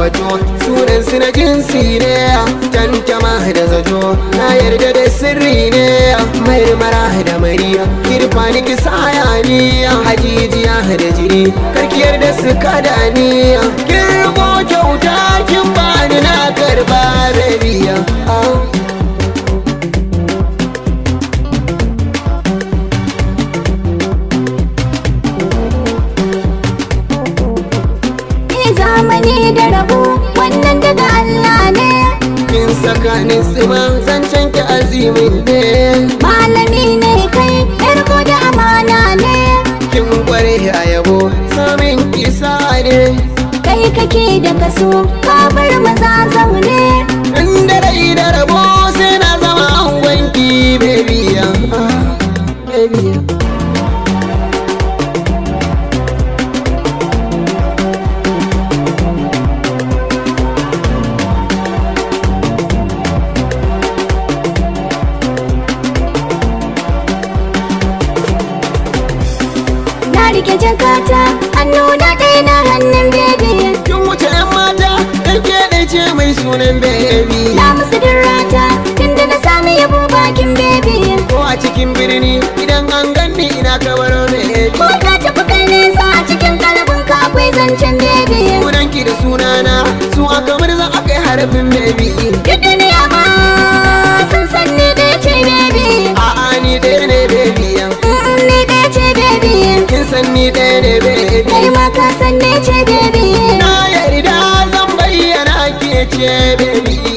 bato sunan su na jinsi ne tantama da zato na yarda da sirri ne marmara da mariya kirfa ni kisa hajijiya da jiri karkiyar da su kada niya tsakanin tsima zan ki azimin ne malami ne kai yar da amana ne kin kware a yabo samin kisa ne kai kake da kaso ka bar maza zaune inda rai da rabo sai na zama angonki rike jakata hannu na ɗaya na hannun baby kin wuce yan mata kan ke ce mai sunan baby na musu dirata tun da na sami yabo bakin baby ko a cikin birni idan an ganni ina kawar baby ko ka tafi kan nesa a cikin kalbin ka akwai zancen baby ki da sunana su aka a kai harafin baby san ni ɗaya ne kai ma ka san ne ce baby na yarda zan bayyana ke ce bebe.